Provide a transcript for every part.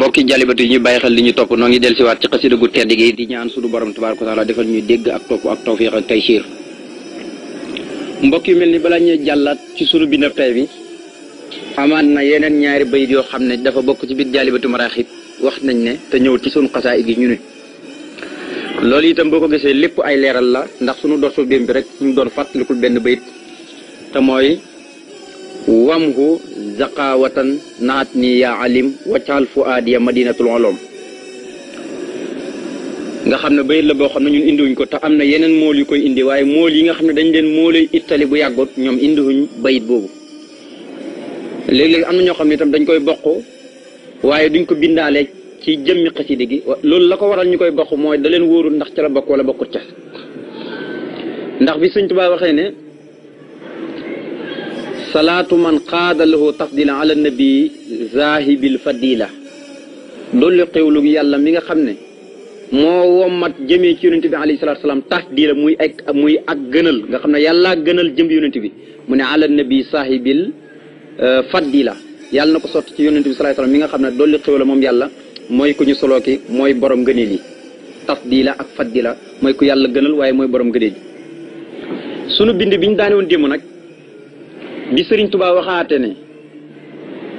mbokki jalibatu yi ñu bàyyi xel li ñu topp noo ngi del siwaat ci xasida gu tedd gi di ñaan suñu borom tabaaraka taala defal ñuy dégg ak topp ak tawfiq ak taysiir mbokk yu mel ni balaa ñuy jàllaat ci sunu bindab tay bi amaat na yeneen ñaari bayit yoo xam ne dafa bokk ci biir jaalibatu maraaxib wax nañ ne te ñëw ci sunu xasaay gi ñu ne loolu tam boo ko gisee lépp ay leeral la ndax sunu dorso biir bi rek ñu doon fàttalikul benn bayit te mooy wamhu zaqawatan naat ni yaa alim waccaal fu aadiya madinatul olom nga xam ne bayit la boo xam ne ñun indiwuñ ko te am na yeneen mool yu koy indi waaye mool yi nga xam ne dañ leen moolay itali bu yàggut ñoom indiwuñ bayit boobu léeg-léeg am na ñoo xam ne itam dañ koy bokk waaye duñ ko bindaale ci jëmmi xasida gi loolu la ko waral ñu koy bokk mooy da leen wóorul ndax ca la bokk wala bokkut ca ndax bi sëñ Tuubaa waxee ne salaatu man qaada lahu tafdila ala nabi zahibil fadila dolli xewlu yàlla mi nga xam ne moo wommat jëmee ci yonente bi alayhi salaatu salaam tafdila muy ak muy ak gënal nga xam ne yàllaa gënal jëm yonente bi mu ne ala nabi sahibil euh, fadila yàlla na ko sotti ci yonente bi nga xam ne dolli xewlu moom yàlla mooy ku ñu soloo ki mooy borom gëneel yi tafdila ak fadila mooy ku yàlla gënal waaye mooy boroom gëneel yi sunu bind biñ daane woon nag bi sëriñ Tuubaa waxaate ne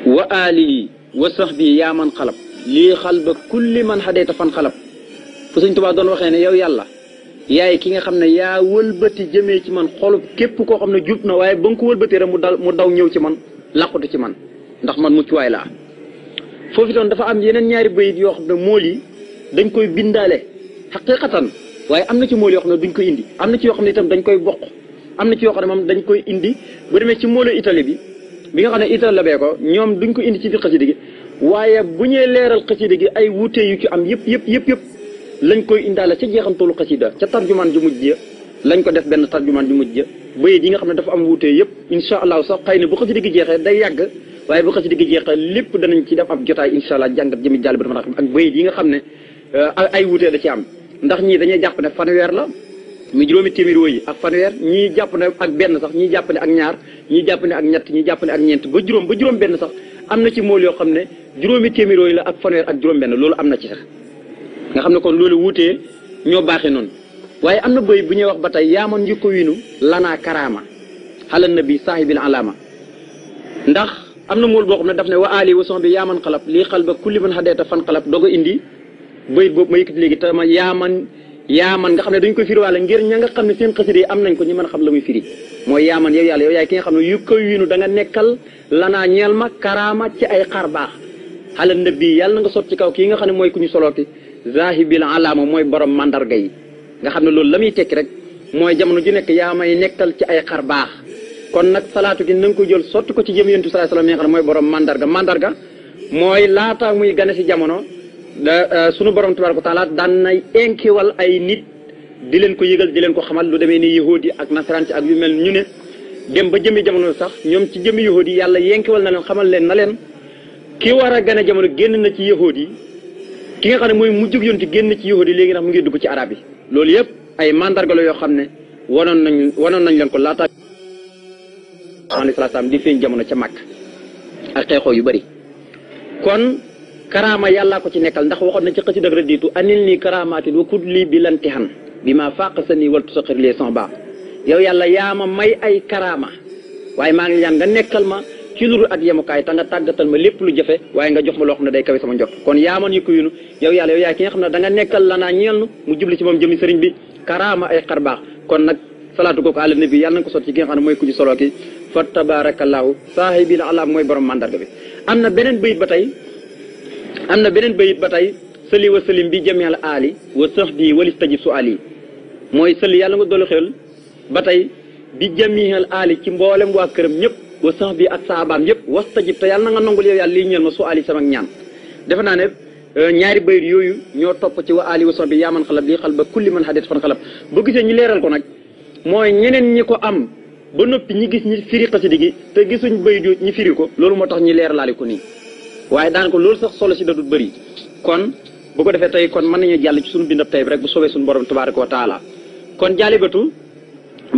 wa alihi wa sahbi yaa man xalab lii xalba kulli man xadeyta fan xalab fu sëriñ Tuubaa doon waxee ne yow yàlla yaay ki nga xam ne yaa wëlbati jëmee ci man xolub képp koo xam ne jub na waaye ba nga ko wëlbatee rek mu dal mu daw ñëw ci man làqutu ci man ndax man mucc waay laa foofu doon dafa am yeneen ñaari bayit yoo xam ne mool yi dañ koy bindaale xaqiqatan waaye am na ci mool yoo xam ne duñ ko indi am na ci yoo xam ne itam dañ koy bokk am na ci yoo xam moom dañ koy indi bu demee ci mbooloo itali bi bi nga xam ne itali la bee ko ñoom duñ ko indi ci biir xasida gi waaye bu ñuy leeral xasida gi ay wuute yu ci am yëpp yëpp yëpp yëpp lañ koy indaale ca jeexantalu xasida ca tarjumaan ju mujj ya ko def benn tarjumaan ju mujj ya bayit yi nga xam ne dafa am wuute yëpp incha allahu sax xëy na bu xasida gi jeexee day yàgg waaye bu xasida gi jeexee lépp danañ ci def ab jotaay incha allah jàngat jëmi jàll bi dama ak bayit yi nga xam ne euh, ay wuute da ci am ndax ñii dañuy jàpp ne fanweer la mu juróomi téeméeri wooyi ak fanweer ñii jàpp ne ak benn sax ñii jàpp ne ak ñaar ñii jàpp ne ak ñett ñii jàpp ne ak ñeent ba juróom ba juróom benn sax am na ci mool yoo xam ne juróomi téeméeri wooyi la ak fanweer ak juróom benn loolu am na ci sax nga xam ne kon loolu wuutee ñoo baaxee noonu waaye am na bëy bu ñuy wax ba tey yaaman njëkko wiinu lanaa karaama xalal na bi la alaama ndax am na mool boo xam ne daf ne wa aali wa son bi yaaman xalab xal ba kulli man xadeeta fan xalab a indi ma yaaman nga xam ne dañ ko firiwaale ngir ña nga xam ne seen xasida yi am nañ ko ñu mën a xam la muy firi mooy yaaman yow yàlla yow yaay ki nga xam ne yu ko wiinu da nekkal lanaa ñeel ma karaama ci ay xar baax xale nabi yàlla na nga sot ci kaw kii nga xam ne mooy ku ñu solooti zahibil alaama mooy borom mandarga yi nga xam ne loolu la muy tekki rek mooy jamono ju nekk yaa may nekkal ci ay xar baax kon nag salaatu gi na ko jël sotti ko ci jëm yonent bi sallallahu alayhi wasallam ne mooy borom mandarga mandarga mooy laata muy gane si jamono da eh, sunu borom tabaaraka wa taala daan nay inkiwal ay nit di leen ko yëgal di leen ko xamal lu demee ni yahudi yi ak nasaraan ci ak yu mel ñu ne dem ba jëmi jamono sax ñoom ci jëmmi yahudi yi yàlla yenkiwal na leen xamal leen na leen ki war a gane jamono génn na ci yahudi yi ki nga xam ne mooy yoon ci génn ci yahudi yi léegi nag mu ngi dugg ci arab yi loolu yëpp ay mandarga la yoo xam ne wanoon nañ wanoon nañ leen ko laata alayhi salaam di feeñ jamono ca màkk ak xeexoo yu bari karaama yàllaa ko ci nekkal ndax waxoon na ci xësi dëgg radiitu anil nii karaamaatin wa kut lii bi lanti xan bi maa fàq sa nii waltu sa xir yàlla ma waaye maa ngi ñaan nekkal ma ci lu dul ak yemukaay te nga tàggatal ma lépp lu jafe waaye nga jox ma loo xam ne day kawe sama njot kon yaa man yu ko yunu yow yàlla yow yaay ki nga xam ne da nga nekkal la naa ñeel nu mu jubli ci moom jëmi sëriñ bi karaama ay xar baax kon nag salaatu ko àla nabi yàlla na ko sot ci ki nga xam ne mooy ku ji solo ki fa tabarakallahu saahibil alam mooy borom mandarga bi am na beneen bayit ba tey am na beneen bayit ba tey sëli wa sëlim bi jameel aali wa sëx bii walis taji su ali mooy sëli yàlla nga dolu xel ba tey bi jameel aali ci mboolem waa këram ñëpp wa sax bi ak saabaam yëpp was tajib te yàlla nanga nga nangul yàlla lii ñeel ma su ali sama ñaan defe naa ne euh, ñaari bayit yooyu ñoo topp ci wa ali wa sax bi yaaman xalab lii xal ba kulli man xadit fan xalab bu gisee ñi leeral ko nag mooy ñeneen ñi ko am ba noppi ñi gis ñi firi xasidi gi te gisuñ bayit ñi firi ko loolu moo tax ñi leeralaale ko nii waaye daan ko loolu sax solo si dadut bëri kon bu ko defee tey kon mën nañu jàll ci suñu bindab tey rek bu soobee suñu borom tabaaraka wa taala kon jaalibatu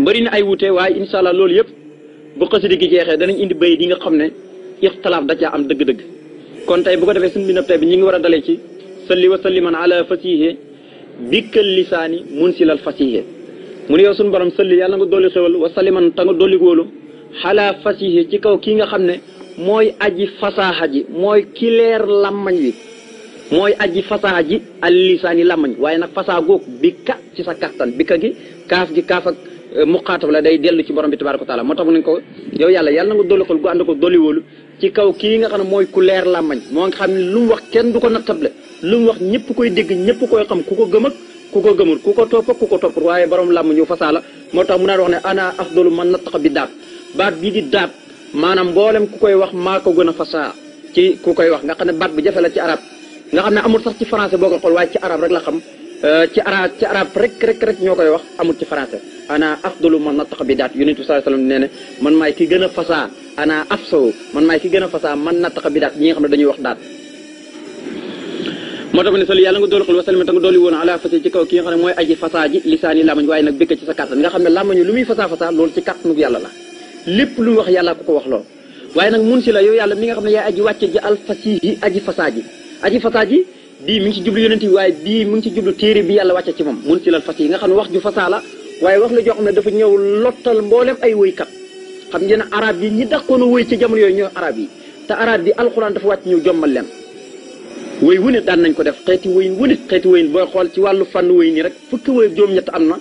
bëri na ay wute waaye incha loolu yëpp bu xasida gi jeexee danañ indi bay yi nga xam ne ixtilaaf da caa am dëgg-dëgg kon tey bu ko defee suñu bindab tey bi ñu ngi war a dalee ci salli wa salliman ala fasihe bikkal si lal fasihe mu ne yow sunu borom salli yàlla nga dolli xewal wa salliman ta nga dolli góolu ala fasihe ci kaw kii nga xam ne mooy aji fasaaxa ji mooy ki leer làmmañ wi mooy aji fasaaxa ji al lisaani làmmañ waaye nag fasaa goog bi ka ci sa kattan bi gi kaaf gi kaaf ak euh, muqaatab la day dellu ci borom bi tabaaraka wa taala moo tax nañ ko yow yàlla yàlla nga dolli xol gu ànd ko dolli wóolu ci kaw kii nga xam ne mooy ku leer làmmañ moo nga xam ne lu wax kenn du ko nattable lu mu wax ñëpp koy dégg ñëpp koy xam ku ko gëm ku ko gëmul ku ko topp ko toppul waaye borom làmmañ wu fasaa moo tax mu naan wax ne ana doolu man nattaqa bi daab baat bii di daab maanaam mboolem ku koy wax maa ko gën a fasaa ci ku koy wax nga xam ne baat bu jafe la ci arab xam ne amul sax ci français boo ko xool waaye ci arab rek la xam euh, ci arab ñoo koy wax amul ci français ana afdalu man nataqa bi daat yonent bi sallallahu alayhi wasallam nee ne man maay ki gën a fasaa ana afsaw man maay a fasaa man nataqa bi daat nga xam ne dañuy wax daat nga doolu xul wasalima ta nga doolu woon ala fasi ci kaw ki nga xam ne mooy aji fasaa ji lisaani lamañ waaye nag békk ci sa kàttan nga xam ne lamañu lu muy fasaa fasaa loolu ci kàttanu yàlla la lépp lu wax yàlla ko ko wax loo waaye nag mun si la yow yàlla mi nga xam ne yaay aji wàcce ji alfasihi aji fasaaji aji fasaaji bii mi ngi ci jublu yonent yi waaye bii mu ngi ci jublu téere bi yàlla wàcce ci moom mun si la alfasihi nga xam ne wax ju fasaa la waaye wax la joo xam ne dafa ñëw lottal mboolem ay woy woykat xam ngeen arab yi ñi dàqoon a woy ci jamono yooyu ñooy araab yi te arab bi alxuraan dafa wàcc ñëw jommal leen woy wu ne daan nañ ko def xeeti woyin wu ne xeeti woyin booy xool ci fànn woyin yi rek fukki woy juróom-ñett am na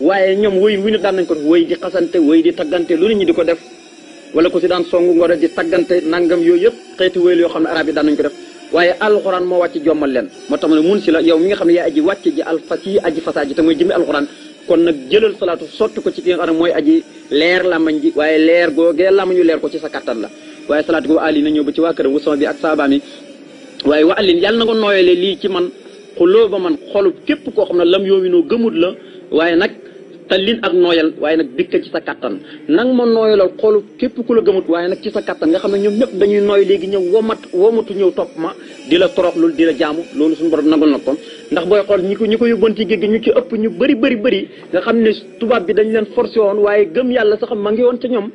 waaye ñoom woy wu ñu daan nañ ko woy di xasante woy di taggante lu nit ñi di ko def wala ko si daan songu ngoro di taggante nangam yooyu yëpp xeeti woy yoo xam ne arab yi daan nañ ko def waaye alxuraan moo wàcc jommal leen moo tax ma ne mun si la yow mi nga xam ne yaay aji wàcc ji alfas yi aji fasaa ji te mooy jëmi alxuraan kon nag jëlal salaatu sotti ko ci ki nga xam ne mooy aji leer làmmañ ji waaye leer googee làmmañu leer ko ci sa kattan la waaye salaatu boobu ali na ñëw ba ci waa këram wusama bi ak wa alin yàlla na nga nooyalee man xuloo ba man xolub képp koo xam ne lam yoominoo gëmut la waaye nag tallin ak nooyal waaye nag dikk ci sa kattan nang ma nooyalal xoolu képp ku la gëmut waaye nag ci sa kattan nga xam ne ñoom ñëpp dañuy nooy léegi ñëw womat womatu ñëw topp ma di la toroxlul di la jaamu loolu suñu borom nangul na ko ndax booy xool ñi ko ñi ko yóbboon ci géej gi ñu ci ëpp ñu bëri bëri bëri nga xam ne tubaab bi dañ leen forcé woon waaye gëm yàlla sax ma ngi woon ca ñoom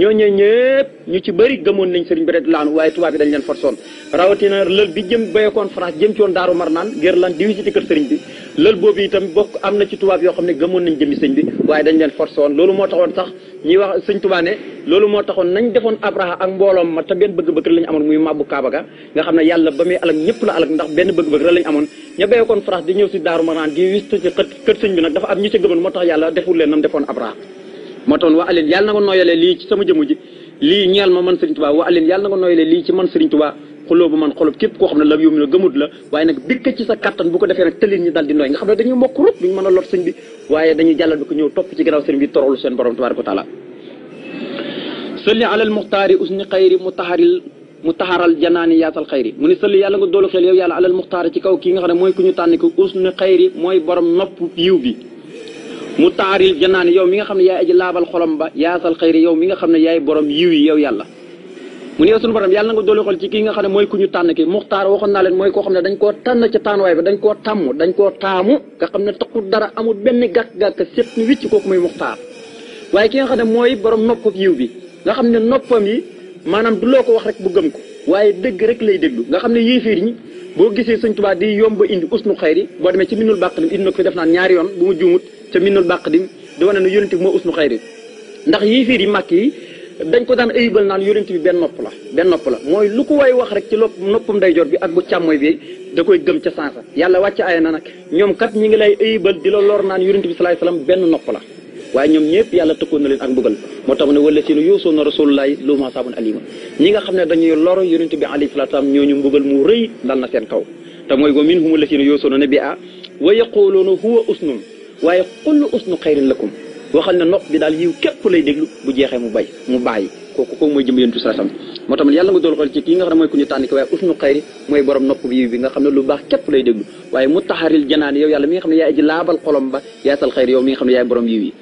ñooñu ñëpp ñu ci bëri gëmoon nañ sëriñ bi rek laanu waaye tubaab bi dañ leen forsoon rawatina lël bi jëm bayekoon France jëm ci woon daaru marnaan ngir lan di visité kër sëriñ bi bokk am na ci tubaab yoo xam ne gëmoon nañ jëmi sëñ bi waaye dañ leen forsoon loolu moo taxoon sax ñuy wax sëñ loolu moo taxoon nañ defoon abraha ak mbooloom ma te benn bëgg-bëgg rek kaaba ga nga xam ne yàlla ba muy alak benn bëgg-bëgg amoon ña bayekoon France di ñëw daaru marnaan di visité ci kër nag dafa am ñu ci gëmoon moo tax yàlla deful leen nam defoon abraha moo taxoon wa aleen yàlla na ko nooyalee lii ci sama jëmu ji lii ñeel ma man Serigne Touba wa aleen yàlla na ko nooyalee lii ci man Serigne Touba xuloo bu man xolob képp koo xam ne la yóbbu na ko defee nag tëlin ñi dal ne dañuy mokk a lot sëñ bi waaye dañuy jàllal bi ko ñëw topp ci gannaaw sëñ mu taharil mu taxaral janaani yaatal xayri mu ne yàlla nga doolu xel yow yàlla alal muxtaari ci kaw kii nga xam ne mooy ku ñu tànn ko usni xayri mooy borom nopp yiw bi mu taaril janaan yow mi nga xam ne yaay aji laabal xolam ba yaasal xëyri yow mi nga xam ne yaay borom yiw yi yow yàlla mu ne yow sunu borom yàlla na nga doole xol ci kii nga xam ne mooy ku ñu tànn ki muxtaar waxoon naa leen mooy koo xam ne dañ koo tànn ci tànnuwaay bi dañ koo koo taamu nga xam ne taxul dara amul benn gàkk-gàkk set ni wicc kooku muy muxtaar waaye ki nga xam ne mooy borom nopp yiw bi nga xam ne noppam yi maanaam du loo ko wax rek bu gëm ko waaye dëgg rek lay déglu nga xam ne yéeféer ñi boo gisee sëñ Tuubaa di yomb indi usnu xayri boo demee ci minul bàq lim indi ko def naan ñaari yoon bu mu juumut ca minnul bàqdim di wane ne yonent bi moo usnu xayri ndax yii fiir yi màkk yi dañ ko daan ayibal naan yonent bi benn nopp la benn nopp la mooy lu ko waay wax rek ci lopp noppum joor bi ak bu càmmooy bi da koy gëm ca sansa yàlla wàcc aaya na nag ñoom kat ñi ngi lay ayibal di la lor naan yonent bi salaay salaam benn nopp la waaye ñoom ñëpp yàlla tëkkoon na leen ak mbugal moo tax mu ne wala sinu yoosoo na rasulullahi lu ma saabun alima ñi nga xam ne dañ lor yonent bi alayhi salaatu salaam ñooñu mbugal mu rëy te mooy go min humu la sinu yoosoo na ne bi a waaye xullu usnu xayrin lakum waxal ne nopp bi daal yiw képp lay déglu bu jeexee mu bay mu bàyyi kooku kooku mooy jëm yéen tuuti saa sam moo tax yàlla nga dool xool ci kii nga xam ne mooy ku ñu waaye usnu xayri mooy borom nopp bi yiw bi nga xam ne lu baax képp lay déglu waaye mu taxaril janaan yow yàlla mi nga xam ne yaay aji laabal xolom ba yaatal xayri yow mi nga xam ne yaay borom yiw yi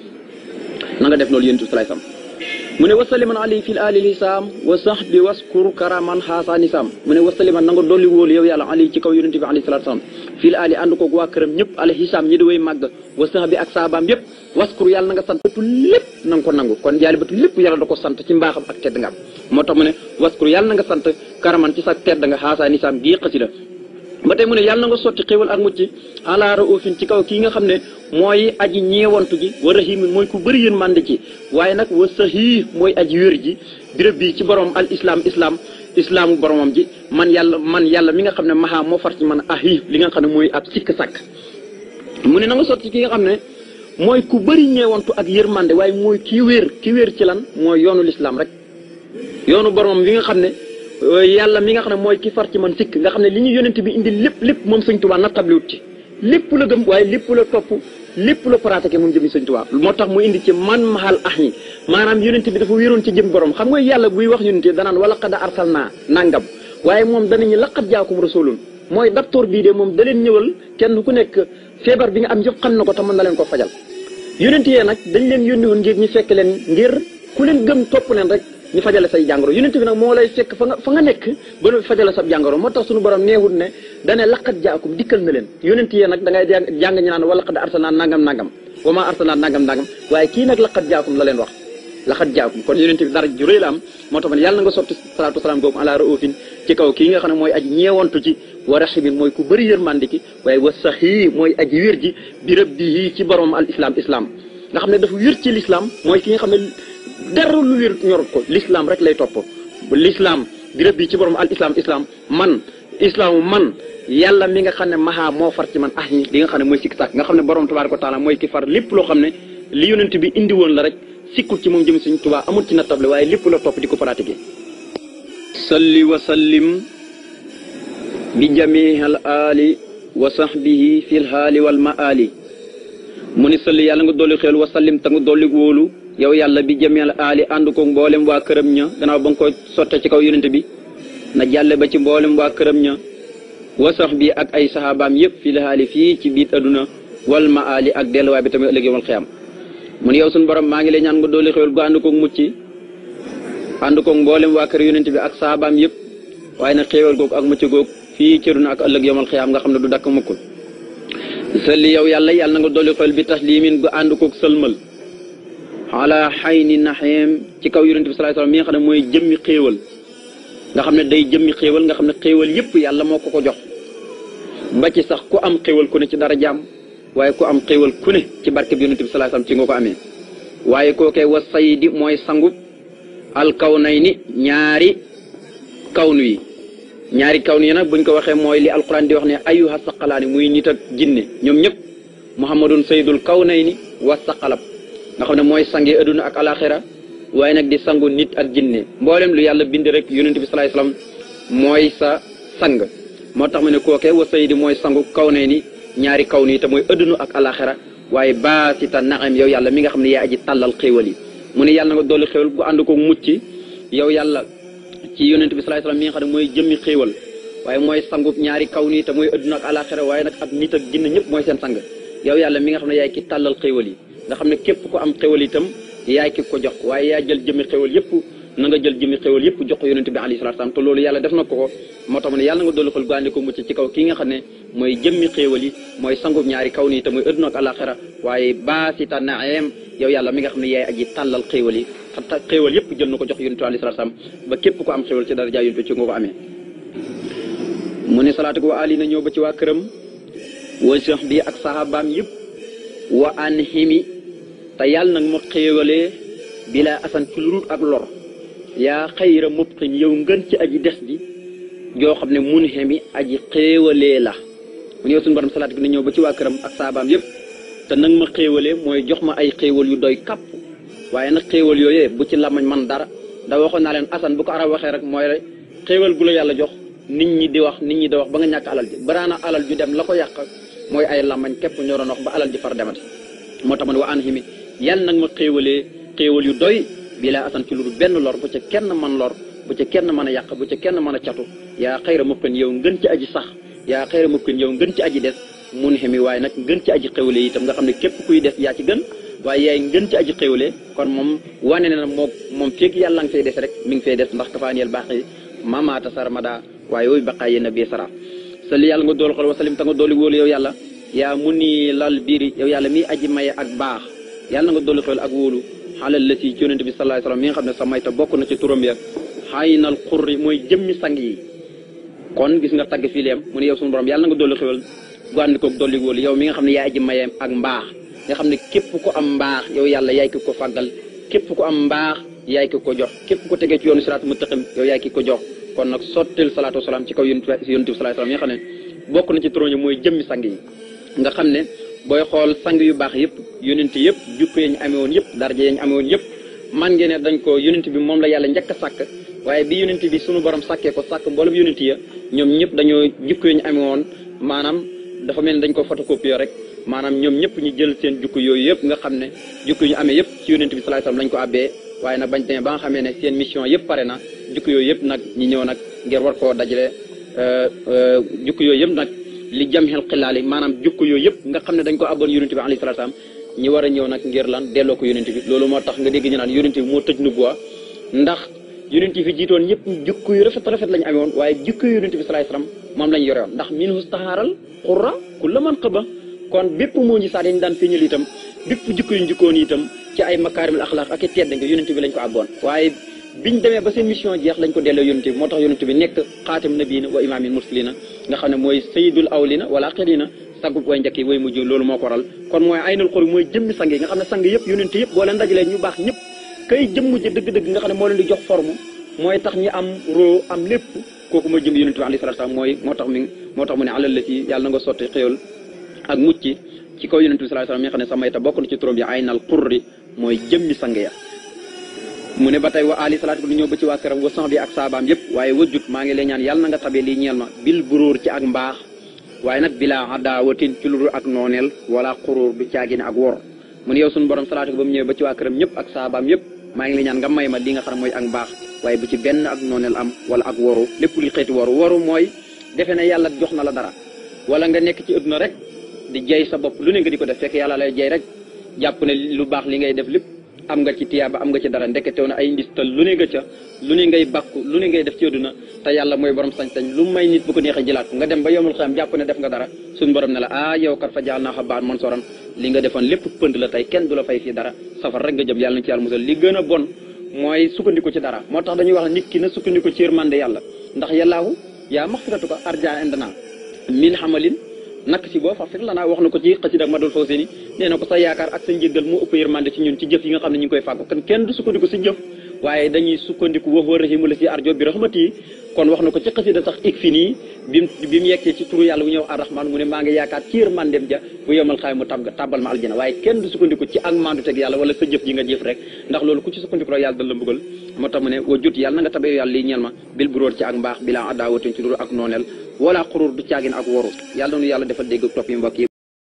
na def loolu yéen tuuti saa mu ne wasaliman ali fil ali lisaam wa sax bi waskur karaman xaasaani saam mu ne wasaliman na nga dolli wóolu yow yàlla ali ci kaw yonente bi alayhi salaatu salaam fil ali ànd koog waa këram ñëpp alayhi saam ñi di way màgg wa sax bi ak saabaam yëpp waskur yàlla na nga sant bëtu lépp na ko nangu kon jaali bëtu lépp yàlla da ko sant ci mbaaxam ak tedd nga am moo tax mu ne waskur yàlla na nga sant karaman ci sa tedd nga xaasaani saam gii xasida ba tey mu ne yàlla na nga sotti xéwal ak mucc ala raufin ci kaw kii nga xam ne mooy aji ñeewantu gi wa rahimin mooy ku bëri yéen mànd ci waaye nag wa sahih mooy aji wér ji birëb bi ci borom al islaam islam islaamu boromam ji man yàlla man yàlla mi nga xam ne maha moo far ci man ahi li nga xam ne mooy ab sikk sàkk mu ne na nga sotti ki nga xam ne mooy ku bëri ñeewantu ak yërmande waaye mooy kii wér ki wér ci lan mooy yoonu lislaam rek yoonu boromam bi nga xam yàlla mi nga xam ne mooy ki far ci man sikk nga xam ne li ñu yonent bi indi lépp lépp moom sëñ tubaa nattabliwut ci lépp la gëm waaye lépp la topp lépp la pratiqué moom jëmi sëñ moo tax mu indi ci man mahal ax ñi maanaam yonent bi dafa wéeroon ci jëm borom xam nga yàlla buy wax yonent yi danaan wala qad arsalnaa nangam waaye moom danañu laqad jaakum rasulun mooy docteur bii de moom da leen ñëwal kenn ku nekk feebar bi nga a yëpp na ko te mën na leen ko fajal yonent yee nag dañ ñu fajale say jàngoro yonent bi nag moo lay fekk fa nga fa nga nekk ba nu fajale sa jàngoro moo tax suñu borom neewul ne dane laqat jaakum dikkal na leen yonent yee nag da jàng ñu wa laqad arsalnaa nangam nangam wa maa arsalnaa nangam nangam waaye kii nag laqat jaakum la leen wax laxat jaakum kon yonent bi dara ju am moo tax ma ne yàlla nga sotti salaatu salaam googu ala raufin ci kaw kii nga xam ne mooy aji ñeewantu ci wa raximin mooy ku bëri yërmande dafa wér ci l'islam mooy ki dara lu wér ñorut ko l'islam rek lay topp l'islam di rëbb bi ci borom al islam man islamu man yàlla mi nga xam ne mahaa moo far ci man ah yi li nga xam ne mooy sikk sàkk nga xam ne borom tabaaraka wa taala mooy ki far lépp loo xam ne li yonent bi indi woon la rek sikkul ci moom jëm suñu tubaa amul ci nattable waaye lépp la topp di ko pratiquer salli wa sallim bi jamii al aali wa sahbihi fil haali wal mu ni salli yàlla nga dolli xeel wa sallim ta nga dolli yaw yàlla bi jameel aali ànd ko mboolem waa këram ña gannaaw ba nga ko sotte ci kaw yonent bi na jàlle ba ci mboolem waa këram ña wasax bi ak ay saxaabaam yëpp fii la fii ci biit adduna wal ma aali ak delluwaay bi tamit ëllëg yowal xiyam mu ne yow suñu borom maa ngi lay ñaan nga doole xewal gu ànd koog mboolem waa kër yonent bi ak saxaabaam yëpp waaye na xéewal googu ak mucc googu fii ci adduna ak ëllëg yowal xiyam nga xam ne du dakk mukkul sëlli yow yàlla yàlla na nga ala xayni naxeem ci kaw yonent bi sallallahu alayhi wasallam mi nga xam ne mooy jëmmi xéewal nga xam ne day jëmmi xéewal nga xam ne xéewal yépp yàlla moo ko ko jox ba sax ku am xéewal ku ne ci dara jaam waaye ku am xéewal ku ci barke bi yonent bi sallallahu ci wasallam ci nga ko amee waaye mooy wa al kaw nay ni ñaari kawnu yi ñaari kaw yi nag buñ ko waxee mooy li alquran di wax ne ayuha saqalaani muy nita ak ñoom ñëpp muhammadun sayidul kawnayni wa saqalab nga xam ne mooy sange adduna ak alaxira waaye nag di sangu nit ak jinne mboolem lu yàlla bind rek yonent bi salaay salaam mooy sa sang moo tax ma ne kookee wa sayidi mooy sangu kaw ne ni ñaari kaw nii te mooy adduna ak alaxira waaye baasita naam yow yàlla mi nga xam ne yaa aji tàllal xéewal yi mu ne yàlla nga dolli xéewal bu ànd ko mucc yow yàlla ci yonent bi salaay salaam mi nga xam ne mooy jëmmi waaye mooy sangu ñaari kaw nii te mooy adduna ak waaye nag ak nit ak jinne ñëpp mooy seen sang yow yàlla mi nga xam ne yaay ki tàllal xéewal yi nga xam ne képp ko am xewal itam yaay ki ko jox waaye yaa jël jëmi xewal yëpp na nga jël jëmi xewal yëpp jox ko yonent bi alayhi salaatu salaam loolu yàlla def na ko ko moo tax ma ne yàlla nga ko mucc ci kaw kii nga mooy jëmmi xéewal mooy sangub ñaari kaw nii te mooy adduna ak alaxira waaye baasita naem yow yàlla mi nga xam ne yaay aji tàllal xéewal yi xata xéewal yëpp jël na ko jox yonent bi alayhi salaatu ba képp ko am xéewal ci daraja yonent bi ci nga ko mu ne salaatu ko wa ali na ñëw ba ci waa këram wal cheikh bi ak sahabaam yëpp wa an ximi te yàlla nag ma xéewalee bilaa asan ci lu dul ak lor yaa xayra mubqin yow ngën ci aji des ji joo xam ne mun ximi aji xéewalee la mu ñëw suñu borom salaat gi na ñëw ba ci waa këram ak saabaam yépp te nag ma xéewalee mooy jox ma ay xéewal yu doy kàpp waaye nag xéewal yooyee bu ci lamañ man dara da waxoon naa leen asan bu ko arab waxee rek mooy xéewal gu la yàlla jox nit ñi di wax nit ñi di wax ba nga ñàkk alal ji baraana alal ju dem la ko yàq mooy ay làmmañ képp ñoroon wax ba alal ji far demati moo tax ma ne wa an himi yàlla nag ma xéewalee xéewal yu doy bi laa ci lu dul benn lor bu ca kenn man lor bu ca kenn mën a yàq bu ca kenn mën a catu yaa xayra mukkin yow ngën ci aji sax yaa xayra mukkin yow ngën ci aji des mun himi waaye nag ngën ci aji xéewale yi itam nga xam ne képp kuy des yaa ci gën waaye yaay ngën ci aji xéewale kon moom wane na moo moom feeg yàlla nga fay des rek mi ngi fay des ndax kafaaniyel baax yi mamaata sarmada waaye yooyu baqaa yéen a bee salli yàlla nga dool xol wa salim ta nga dooli wóolu yow yàlla yaa mu nii lal biiri yow yàlla miy aji maye ak baax yàlla nga dooli xol ak wóolu xaalal la si yonente bi sallallahu alayhi wasallam mi nga xam ne sa mayta bokk na ci turam ya xaynal xurri mooy jëmmi sang yi kon gis nga tagg fii leem mu ne yow suñu borom yàlla na nga dolli xewal gu ànd koog dolli wóolu yow mi nga xam ne yaa aji mayeem ak mbaax nga xam ne képp ku am mbaax yow yàlla yaay ki ko fàggal képp ku am mbaax yaay ki ko jox képp ku tegee ci yoonu siraat mu tëqim yow yaay ki ko jox kon nag sottil salaatu wasalaam ci kaw yonent bi yonent bi salaatu wasalaam yi nga xam ne bokk mooy jëmmi sang yi nga xam ne booy xool sang yu baax yëpp yonent yëpp jukkee ñu amee woon yëpp daraja yi ñu amee man ngeen dañ ko yonent bi moom la yàlla njëkk a sàkk waaye bi yonent bi sunu borom sàkkee ko sàkk mboolem yonent ya ñoom ñëpp dañoo jukko ñu amee maanaam dafa mel ni dañ ko photocopier rek maanaam ñoom ñëpp ñu jël seen jukko yooyu yëpp nga xam ne jukko ñu amee yëpp ci yonent bi sallallahu alayhi wasallam lañ ko àbbee waaye nag bañ demee ba nga xamee ne seen mission yëpp pare na jukk yooyu yëpp nag ñi ñëw nag ngir war koo dajale euh, euh, jukk yooyu yëpp nag li jam xel xilaali maanaam jukk yooyu yëpp nga xam ne dañ ko abboon yonent bi alayhi salaam ñi war ñëw nag ngir lan delloo ko yonent bi loolu moo tax nga dégg ñu naan yonent bi moo tëj nubuwa ndax yonent fi jiitoon ñëpp jukku yu rafet rafet lañu amewoon waaye jukku yu yonent bi salaay salaam moom lañ yorewoon ndax min hustahaaral xurra ku la man xëba kon bépp moo ñi saat yañ daan feeñal itam bépp jukku yu njukkoon itam ci ay makaarimul axlaaq ak i tedd nga yonent bi lañ ko àbboon waaye biñ demee ba seen mission jeex lañ ko delloo yonent bi moo tax yonent bi nekk xaatim nabiina wa imaamil mursalina nga xam ne mooy sayidul awlina wal axirina sagub way njëkk yi way mujj loolu moo ko waral kon mooy aynul xor mooy jëmmi sang yi nga xam ne sang yëpp yonent yëpp boo leen dajalee ñu baax ñëpp kay jëmm ji dëgg-dëgg nga xam ne moo leen di jox forme mooy tax ñi am roo am lépp kooku mooy jëmmi yonent bi alayhi salaatu salaam mooy moo tax moo tax mu ne alal la ci yàlla na nga sotti xéwal ak ci kaw yonent bi sallallahu alayhi wasallam mi nga xam ne samayta bokk na ci turam yi aynal qurri mooy jëmmi sang ya mu ne ba tey wa ali salaatu lu ñëw ba ci waa këram wa sahbi ak saabaam yëpp waaye wajjut maa ngi lay ñaan yàlla na nga tabee lii ñeel ma bil buróor ci ak mbaax waaye nag bilaa adaawatin ci lu luru ak nooneel wala xuruur du ne ak wor mu ne yow suñu borom salaatu ba mu ñëwee ba ci waa këram ñëpp ak saabaam yëpp maa ngi lay ñaan nga may ma di nga xam mooy ak mbaax waaye bu ci benn ak nooneel am wala ak woru lépp lu xeeti woru woru mooy defe ne yàlla jox na la dara wala nga nekk ci adduna rek di jay sa bopp lu ne nga di ko def fekk yàlla lay jay rek jàpp ne lu baax li ngay def lépp am nga ci tiyaaba am nga ci dara ndeketew na ay ndistal lu ne nga ca lu ne ngay bàkku lu ne ngay def ci àdduna te yàlla mooy borom sañ-sañ lu may nit bu ko neexee jëlaat nga dem ba yomul xam jàpp ne def nga dara suñu borom ne aa ah, yow kat fa jaal naa xa li nga defoon lépp pënd la tey kenn du la fay fii dara safar rek nga jëm yàlla na a moo tax dañuy wax nit ki na sukkandiku ci yërmande yàlla ndax yàllaahu yaa maxfiratu ko arja nakk si boo fax fekk lanaa wax na ko ci xasida ak madul fawsé ni nee na ko sa yaakaar ak sa njëggal moo ëpp yërmande ci ñun ci jëf yi nga xam ne ñu koy fàggu kon kenn du sukkandiku si jëf waaye dañuy sukkandiku waxoo rahimu la fi arjo bi rahmati kon wax na ko ci xasida sax ik fi nii bi mu bi mu yeggee ci turu yàlla bu ñëw arrahman mu ne maa ngi yaakaar ci yërmandem ja bu yemal xaay mu tab ma aljana waaye kenn du sukkandiku ci ak mandu teg yàlla wala sa jëf ji nga jëf rek ndax loolu ku ci sukkandiku rek yàlla dal la mbugal moo tax mu ne wa jut yàlla na nga tabee yàlla lii ñeel ma bil buróor ci ak mbaax bilaa adaawatin ci duru